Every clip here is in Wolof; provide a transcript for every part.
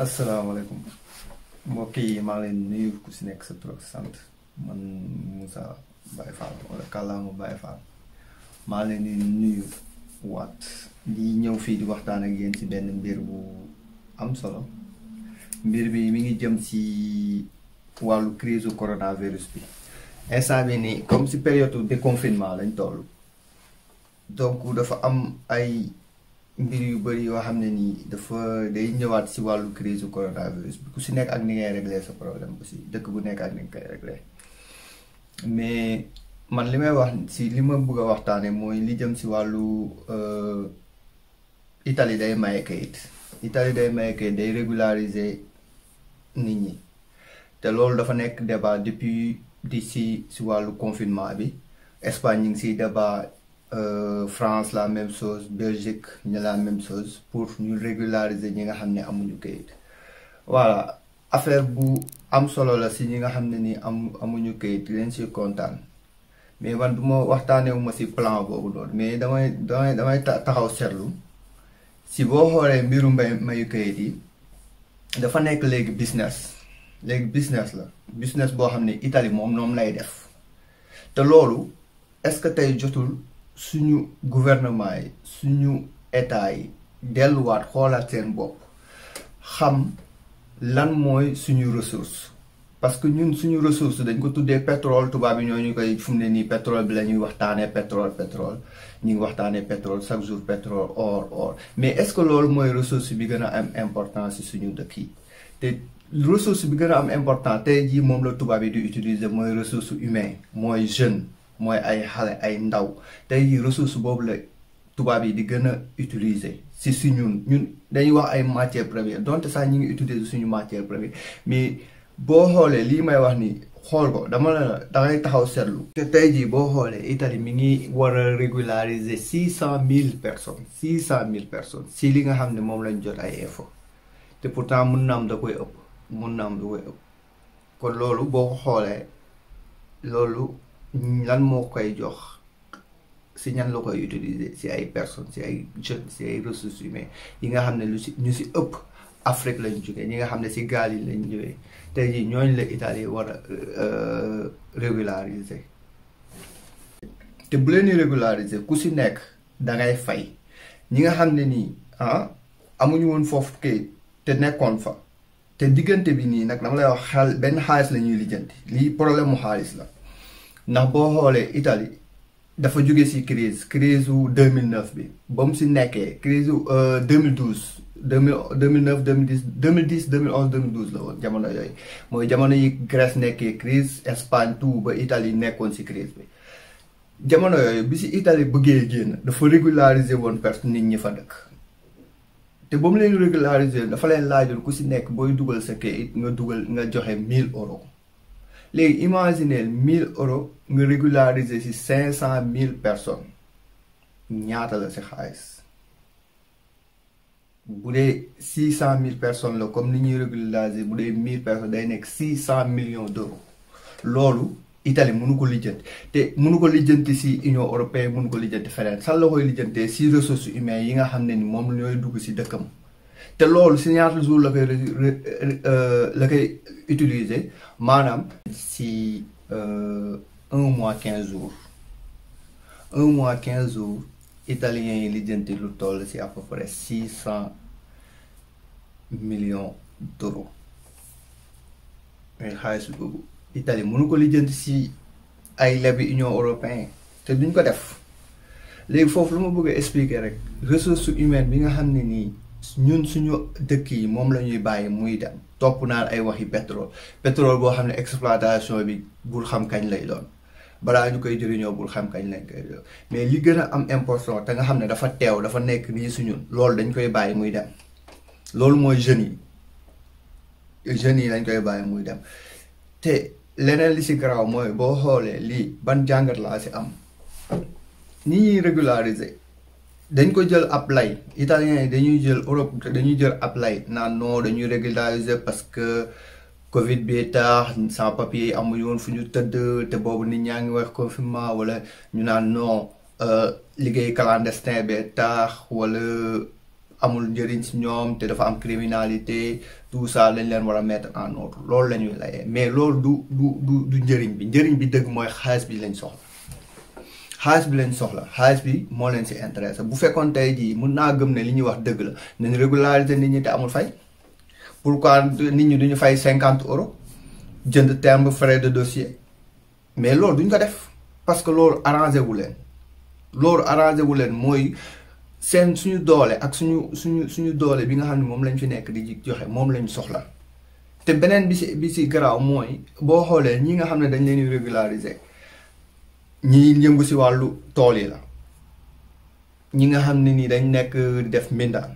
asalaamaaleykum mbokk yi maa leen nuyu ku si nekk sa tur ak sant man Moussa Baye Fall wala Kàllaama Baye Fall maa leen nuyu waat di ñëw fii di waxtaan ak yéen si benn mbir bu am solo mbir bi mi ngi jëm si wàllu crise coronavirus bi instant bi nii comme si période de déconfinement lañ toll donc dafa am ay. mbir yu bëri yoo xam ne nii dafa day ñëwaat si wàllu crise coronavirus bi ku si nekk ak ni ngay réglé sa problème aussi dëkk bu nekk ak ni nga koy réglé mais man li may wax si li ma bëgg a waxtaane mooy li jëm si wàllu euh, Italie day maye kayit Italie day maye kayit day régulariser nit ñi te loolu dafa nekk débat depuis di si si wàllu confinement bi Espagne ñu ngi siy débat Euh, France la même chose Belgique ñu la même chose pour ñu régulariser ñi nga xam ne amuñu kayit voilà affaire bu am solo la si ñi nga xam ne ni am amuñu kayit leen si kontaan mais man du ma waxtaanewu ma si plan boobu loolu mais damay damay damay taxaw seetlu si boo xoolee mbiru mbay mayu kayit yi dafa nekk léegi business léegi business la business boo xam ne Italie moom noonu lay def te loolu est-ce que tey jotul suñu gouvernement yi suñu état yi delluwaat xoolaat seen bopp xam lan mooy suñu ressource parce que ñun suñu ressource dañ ko tuddee pétrole tubaab yi ñoo ñu koy fu ne nii pétrole bi la ñuy waxtaanee pétrole pétrole ñu ngi waxtaanee pétrole chaque jour pétrole or or mais est-ce que loolu mooy ressource bi gën a am importance ci suñu dëkk yi te ressource bi gën a am important tey jii moom la tubaab yi di utiliser mooy ressource humaine mooy jeune mooy ay xale ay ndaw tey jii ressource boobu la tubaab yi di gën a utiliser si si ñun ñun dañuy wax ay matière premier donte sax ñu ngi utiliser suñu matière première mais boo xoolee lii may wax ni xool ko dama la dangay taxaw seetlu te tey jii boo xoolee Italie mi ngi war a régulariser six cent mille personnes six cent mille personnes si li nga xam ne moom lañ jot ay info te pourtant mun naam am da koy ëpp mun naam am ëpp kon loolu boo xoolee loolu lan moo koy jox si ñan la koy utiliser si ay personnes si ay jeunes si ay ressources humaines yi nga xam ne lu si ñu si ëpp Afrique lañ jógee ñi nga xam ne si gaal yi lañ jógee tey jii ñooñu la Italie war a euh, régulariser te bu leen di ku si nekk da ngay fay ñi nga xam ne nii ah amuñu woon foofu kay te nekkoon fa te diggante bi nii nag dama lay wax xel benn xaalis la ñuy lijjanti lii problème mu xaalis la. ndax boo xoolee itali dafa jóge si crise crise wu 2009 bi ba mu si nekkee crise wu 2012 2000 2009 2010 2010 2011 2012 la woon jamono yooyu mooy jamono yi Grèce nekkee crise Espagne tout ba Italie nekkoon si crise bi jamono yooyu bi si Italie bëggee génn dafa régulariser woon perte nit ñi fa dëkk te ba mu leen régulariser dafa leen laajul ku si nekk booy dugal sa kayit nga dugal nga joxe mille euros léegi imaginer 1000 euros. nga régulariser si cinq cent mille personnes ñaata la ci xaalis bu dee six cent mille personnes la comme ni ñuy régulariser bu dee mille personnes day nekk six cent million d'euros loolu Italie mënu ko lijjanti te mënu ko lijjanti si Union européenne mënu ko lijjanti feneen sax la koy lijjantee ci ressources humaines yi nga xam ne ni moom ñooy dugg ci dëkkam te loolu si ñaata jour la koy euh, la maanaam ci euh, un mois quinze jours un mois quinze jours italien yi lijjanti lu toll ci à peu près six million millions d'euros mais xaalis boobu Italie mënu ko lijjanti ci ay lebi Union européenne te duñ ko def léegi foofu lu ma bëggee a expliquer rek ressource humaine bi nga xam ne nii ñun suñu dëkk yi moom la ñuy bàyyi muy dem topp naan ay waxi pétrole pétrole boo xam ne exploitation bi bul xam kañ lay doon balaa ñu koy jëriñoo bul xam kañ nekk mais li gën a am important te nga xam ne dafa teew dafa nekk nii suñu loolu dañ koy bàyyi muy dem loolu mooy jeunes yi jeunes yi dañ koy bàyyi muy dem te leneen li si garaaw mooy boo xoolee lii ban jàngat laa si am ni ñuy régulariser dañ ko jël ab lay italiens yi dañuy jël Europe dañuy jël ab lay naan non dañuy régulariser parce que. Covid bi tax sans papier amuñu woon fu ñu tëdd te boobu nit ñaa ngi wax confinement wala ñu naan non euh, liggéey clandestin bi tax wala amul njëriñ si ñoom te dafa am criminalité tout ça lañ leen war a en ordre loolu la ñuy layee mais loolu du du du du njëriñ bi njëriñ bi dëgg mooy xaalis bi lañ soxla xaalis bi lañ soxla xaalis bi moo leen si intéressé bu fekkoon tey jii mun naa gëm ne li ñuy wax dëgg la nañ régulariser nit ñi te amul fay. pourquoi nit ñi duñu fay cinquante euros jënd terme frais de dossier mais loolu duñ ko def parce que loolu arrangé wu leen loolu arrangé wu leen mooy seen suñu doole ak suñu suñu suñu doole bi nga xam ne moom lañ fi nekk di joxe moom lañ soxla te beneen bi si bi si garaaw mooy boo xoolee ñi nga xam ne dañ leen di régulariser ñi yëngu si wàllu tool yi la ñi nga xam ne nii dañ nekk di def mbindaan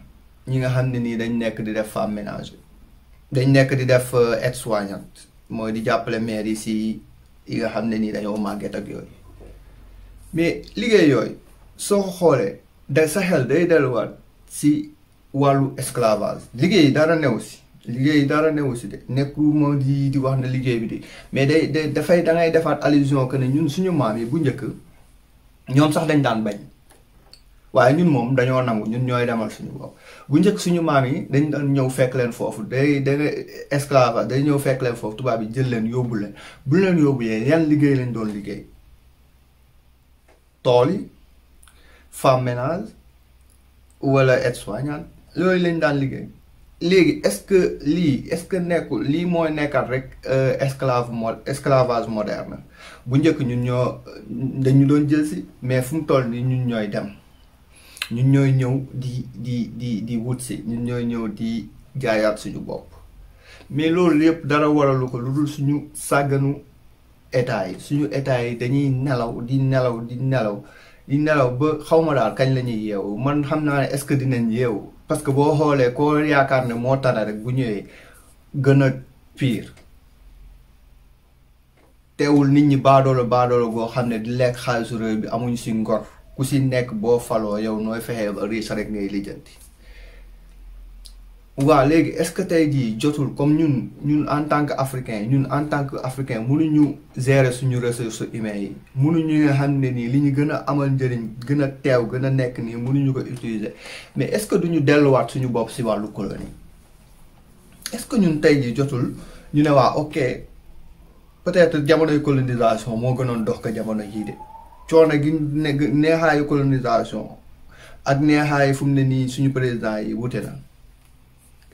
ñi nga xam ne nii dañ nekk di def femme ménage dañ nekk di def euh, aide-soignante mooy di jàppale maire yi si yi nga xam ne nii dañoo màgget ak yooyu mais liggéey yooyu soo xoolee da sa xel day delluwaat si wàllu esclavage liggéey dara newu si liggéey dara newu si de nekku nekkuma di di wax na liggéey bi de mais day day dafay da ngay defaat allusion que ne ñun suñu maam yi bu njëkk ñoom sax dañ daan bañ. waaye ñun moom dañoo nangu ñun ñooy demal suñu bopp bu njëkk suñu maam yi dañ doon ñëw fekk leen foofu day da esclavage day ñëw fekk leen foofu tubaab yi jël leen yóbbu leen bu leen yóbbu yee yan liggéey lañ doon liggéey tool yi femme ménage wala aide-soignante loolu lañ daan liggéey léegi est-ce que lii est-ce que nekkul lii mooy nekkaat rek euh, esclave mo esclavage moderne bu njëkk ñun ñoo dañu doon jël si mais fu mu toll nii ñun ñooy dem ñun ñooy ñëw di di di di wut si ñooy ñëw di jaayaat suñu bopp mais loolu yëpp dara waralu ko lu dul suñu sàgganu état yi suñu état yi dañuy nelaw di nelaw di nelaw di nelaw ba xawma daal kañ lañuy ñuy yeewu man xam naa ne est-ce que dinañ yeewu parce que boo xoolee koo yaakaar ne moo tane rek bu ñëwee gën a piir teewul nit ñi baadoolo baadoolo goo xam ne di lekk xaalisu réew bi amuñ si ngor ku si nekk boo faloo yow nooy fexee riche rek ngay lijjanti waa léegi est-ce que tey jii jotul comme ñun ñun en tant que africain ñun en tant que africain mënuñu gérer suñu ressources humaines yi mënuñu nga xam ne nii li ñu gën a amal njëriñ gën a teew gën a nekk nii mënuñu ko utiliser mais est-ce que duñu delluwaat suñu bopp si wàllu colonie est-ce que ñun tey jii jotul ñu ne waa ok peut-être jamonoy colonisation moo gënoon dox ko jamono jii de. coono gi ne neexaayu colonisation ak neexaayu fum ne nii suñu président yi wute na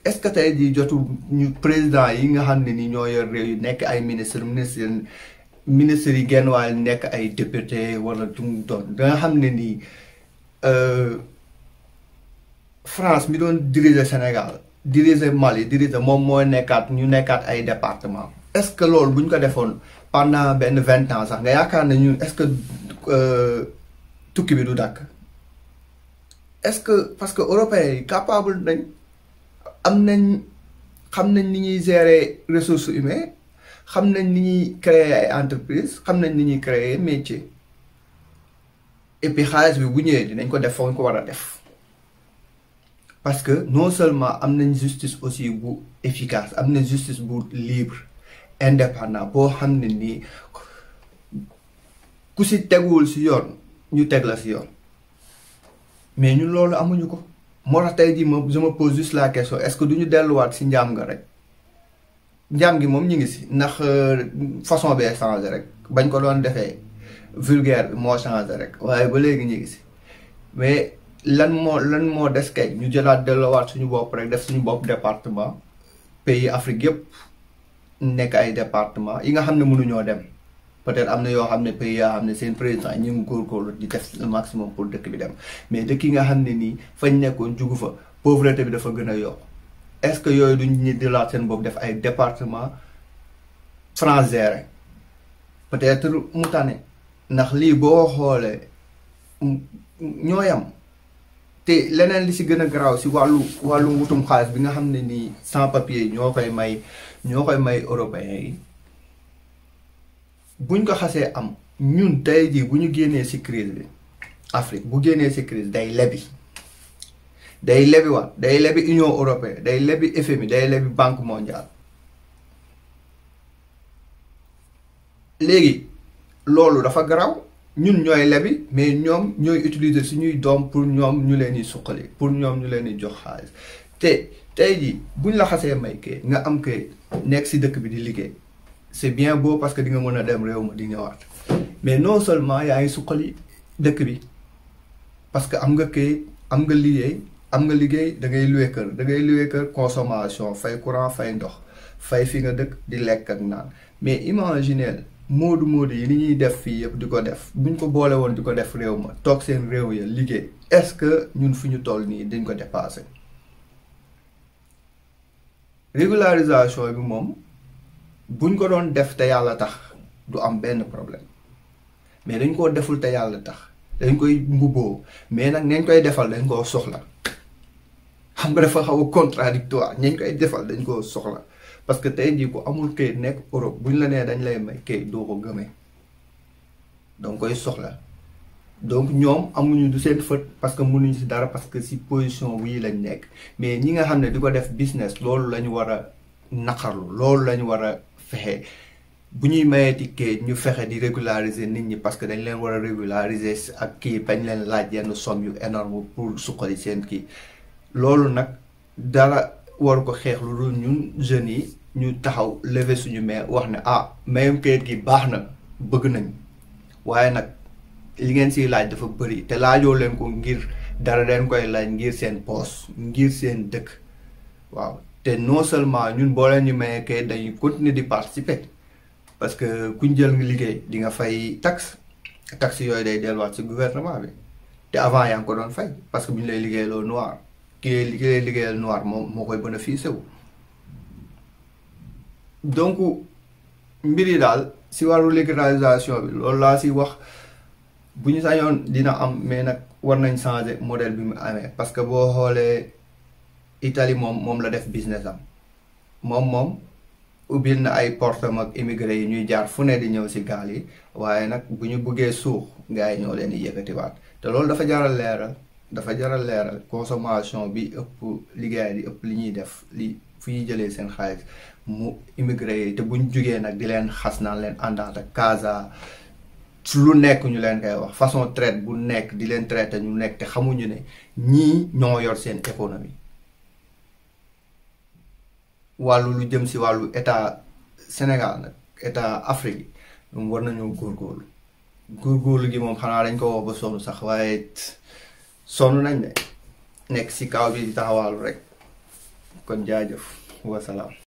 est-ce que te jii jotu ñu président yi nga xam ne nii ñoo yor réew yi nekk ay ministre ministre ministres yi genn waay nekk ay député wala tumu doon nga xam ne nii euh, France mi doon diriger Sénégal diriger Mali diriger moom mooy nekkaat ñu nekkaat ay département est-ce que lool bu ñu ko defoon pendant benn vingt ans sax nga yaakaar ne ñun est-ce que Euh, tukki bi du dàkk est-ce que parce que européens yi capable nañ am nañ xam nañ ni ñuy gérer ressources humaines xam nañ ni ñuy créer ay entreprises xam nañ ni ñuy créer métier et puis xaalis bi bu ñëwee dinañ ko def foog ñu ko war a def parce que non seulement am nañ justice aussi bu efficace am nañ justice bu libre indépendant boo xam ne nii ku si teguwul si yoon ñu teg la si yoon mais ñun loolu amuñu ko moo tax tey jii ma je me pose juste la question est-ce que du ñu delluwaat si njaam nga rek njaam gi moom ñu ngi si ndax euh, façon bee changé rek bañ ko doon defee vulgaire bi moo changé rek waaye ba léegi ñu ngi si mais lan moo lan moo des kay ñu jëlaat delluwaat suñu bopp rek def suñu bopp département pays Afrique yëpp nekk ay département yi nga xam ne mënuñoo dem. peut-être am na yoo xam ne pays yoo xam ne seen président ñu ngi góorgóorlu di def le maximum pour dëkk bi dem mais dëkk yi nga xam ne nii fañ nekkoon jugu fa pauvreté bi dafa gën a yokk est-ce que yooyu duñ ñu dilaat seen bopp def ay département transgéré peut-être mu tane ndax lii boo xoolee ñoo yam te leneen li si gën a garaaw si wàllu wàllu wutum xaalis bi nga xam ne nii sans papier ñoo koy may ñoo koy may européens yi buñ ko xasee am ñun tey jii bu ñu génnee ci crise bi Afrique bu génnee ci crise day lebi day lebi wax day lebi Union européenne day lebi FMI day lebi Banque mondiale léegi loolu dafa garaw ñun ñooy lebi mais ñoom ñooy utiliser suñuy doom pour ñoom ñu leen di suqali pour ñoom ñu leen di jox xaalis te tey jii buñ la xasee may kay nga am kay nekk si dëkk bi di liggéey c'est bien boo parce que di mën a dem réew ma di ñëwaat mais non seulement yaa ngi suqali dëkk bi parce que am nga kayit am nga liggéey am nga liggéey da ngay luwe kër da ngay luwe kër consommation fay courant fay ndox fay fi nga dëkk di lekk ak naan mais imaginez moodu moodu yi ni ñuy def fii yëpp di ko def buñ ko boole woon di ko def réew ma toog seen réew ya liggéey est-ce que ñun fu ñu toll nii dañ ko dépassé régularisation bi moom. buñ ko doon def te yàlla tax du am benn problème mais dañ koo deful te yàlla tax dañ koy mbubboo mais nag nañ koy defal dañ koo soxla xam nga dafa xaw a contradictoire ñañ koy defal dañ koo soxla parce que tey jii ku amul këyit nekk Europe buñ la nee dañ lay may doo ko gëmee danga koy soxla donc ñoom amuñu du seen fët parce que mënuñu si dara parce que ci position wii lañ nekk mais ñi nga xam ne di ko def business loolu la ñu war a naqarlu loolu lañu ñu war a fexe bu ñuy mayeeti kayit ñu fexe di régulariser nit ñi parce que dañ leen war a régulariser ak kii bañ leen laaj yenn somme yu énorme pour suqali seen kii loolu nag dara war ko xeex lu dul ñun jeunes yi ñu taxaw leve suñu mais wax ne ah mayum kayit gi baax na bëgg nañ waaye nag li ngeen si laaj dafa bëri te laajoo leen ko ngir dara leen koy laaj ngir seen poos ngir seen dëkk waaw te non seulement ñun boo leen ñu mayee kay dañuy continuer di participer parce que ku ñu jël nga liggéey di nga fay tax taxe yooyu day delluwaat ci gouvernement bi te avant yaa ngi ko doon fay parce que bu ñu lay liggéeyaloo noir ki lay liggéeyal noir moom moo koy bénéficié wu. mbir yi daal si wàllu légalisation bi loolu laa si wax bu ñu sañoon dina am mais nag war nañ changer modèle bi mu amee parce que boo xoolee. Italie moom moom la def business am moom moom ubbil na ay portam ak immigré yi ñuy jaar fu ne di ñëw si gaal yi waaye nag bu ñu buggee suux gars ñoo leen di yëkkatiwaat te loolu dafa jaral leeral dafa jaral leeral consommation bi ëpp liggéey di ëpp li ñuy def li fu ñuy jëlee seen xaalis mu immigré yi te buñ jugee nag di leen xas naan leen àndaat ak Casa lu nekk ñu leen koy wax façon traite bu nekk di leen traité ñu nekk te xamuñu ne ñii ñoo yor seen économie wàllu lu jëm si wàllu état Sénégal nag état Afrique moom war nañoo góor góorgóorlu gi moom xanaa dañ ko wax ba sonn sax waaye sonn nañ ne nekk si kaw bi di taxawaalu rek kon jaajëf wasalaam